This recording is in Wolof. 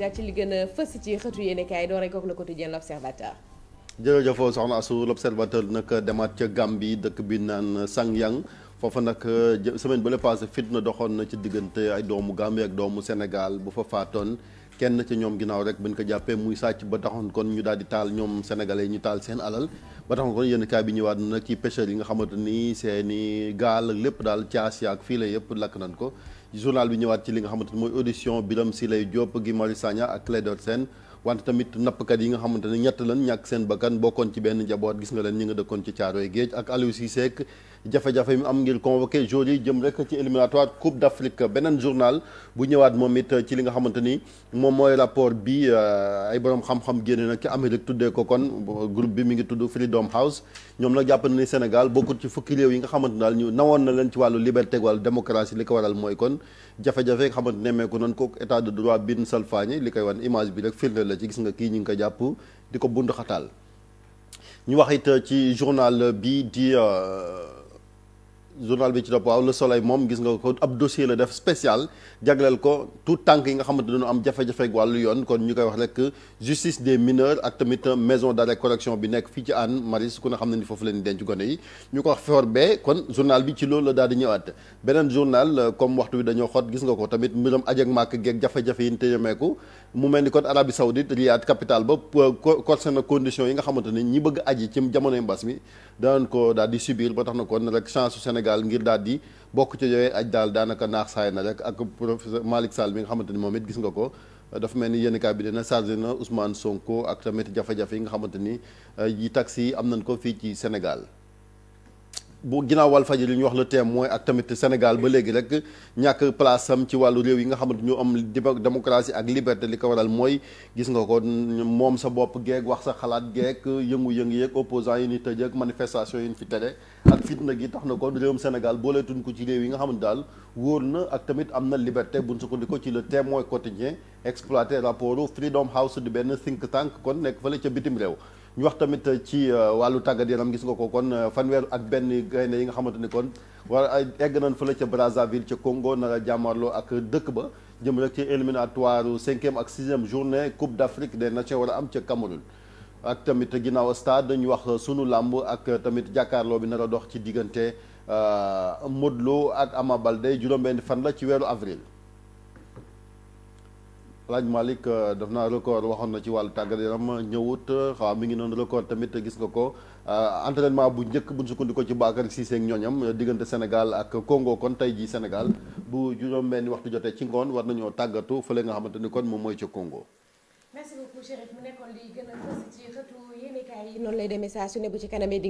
jaar ci li gën a fës ci xëtu yéenekaay door ak le quotidien l'observateur jërëjëf soxna Asou l'observateur nag demaat ca Gambie dëkk bi naan yang foofa nag semaine ba la passé fitna doxoon na ci diggante ay doomu Gambie ak doomu Sénégal bu fa faatoon kenn ci ñoom ginnaaw rek buñ ko jàppee muy sàcc ba taxoon kon ñu daal di taal ñoom sénégalais ñu taal seen alal ba taxoon kon yenn cas bi ñëwaat na nag ci pêcheurs yi nga xamante ni seen i gaal ak lépp daal caas ak fii la yëpp lakk nañ ko journal bi ñëwaat ci li nga xamante ni mooy audition Birame Sileye Diop Guy Marius Sagna ak Clédor Sène wante tamit nappkat yi nga xamante ne ñett lan ñàkk seen bakkan bokkoon ci benn njaboot gis nga leen ñi nga dëkkoon ci Caaroy Géej ak Aliou Cissé jafe-jafe mu am ngir convoqué joueurs yi jëm rek ci éliminatoire Coupe d'Afrique beneen journal bu ñëwaat moom it ci li nga xamante ni moom mooy rapport bi euh, ay borom xam-xam génne nag ci Amérique tuddee ko kon group bi mi ngi tudd Freedom House ñoom na jàpp na ni Sénégal bokkul ci fukki réew yi nga xamante daal ñu nawoon na leen ci wàllu liberté wàllu démocratie li ko waral mooy kon jafe-jafe nga xamante nemmeeku nan ko état de droit bin salfaañi li koy wan image bi rek firnde la ci gis nga kii ñu ko jàpp di ko ñu wax it ci journal bi di euh, journal bi ci topp waaw Le Soleil moom gis nga ko ab dossier la def spécial jagleel ko tout tànk yi nga xamante ne dañu am jafe-jafe ak yoon kon koy wax rek justice des mineurs ak tamit maison nekk fii ci Anne Maris ku ne xam ne ni foofu leen bi ci loolu daal di ñëwaat beneen journal comme waxtu bi dañoo xot gis nga ko tamit mbiram aj ak màkk geeg yi ni kon Arabie Saoudite Riyad capitale ba condition yi nga xamante ne ñi bëgg aji ci jamonoy mbas mi daan ko daal di subir ba tax na kon rek chance Sénégal Sénégal ngir daal di bokk ci yooyu aj daal daanaka naax saay na rek ak professeur Malick Sall mi nga xamante ni moom it gis nga ko dafa mel ni yenn cas bi dina chargé na Ousmane Sonko ak tamit jafe-jafe yi nga xamante ni yi taxi yi am nañ ko fii ci Sénégal bu ginnaaw Walfadjri li ñu wax le témoin ak tamit Sénégal ba léegi rek ñàkk place am ci wàllu réew yi nga xamante ñu am démocratie ak liberté li ko waral mooy gis nga ko moom sa bopp geeg wax sa xalaat geeg yëngu yëng yeeg opposants yi ni tëj ak manifestation yi ñu fi tere ak fitna gi tax na kon réewum Sénégal booleetuñ ko ci réew yi nga xamante daal wóor na ak tamit am na liberté buñ ko ci le témoin quotidien exploité rapportu Freedom House di benn think tank kon nekk fële ca bitim réew ñu wax tamit ci euh, wàllu tàggat yaram gis nga ko kon euh, fanweer ak benn gaynde yi nga xamante ni kon war egg nañ fële ca Brazzaville ca Congo nar a jàmmarloo ak dëkk ba jëm rek ci éliminatoire cinquième ak sixième journée Coupe d'Afrique des Nations war a am ca Cameroun ak tamit ginnaaw stade ñu wax sunu làmb ak tamit jàkkaarloo bi nar dox ci diggante euh, Modou Lo ak Ama Baldé juróom-benn fan la ci weeru avril Laaj Malick euh, def naa record waxoon na ci wàllu tàggat yaram ñëwut xaw mi ngi noonu record tamit gis nga ko euh, entraînement bu njëkk bu ñu sukkandikoo ci Bakary Cissé ak ñooñam diggante Sénégal ak Congo kon tey jii Sénégal bu juróom-benn waxtu jotee ci ngoon war nañoo tàggatu fële nga xamante ni kon moom mooy ca Congo. merci beaucoup Chérif mu nekkoon li gën a fës ci xëtu ci kanamee di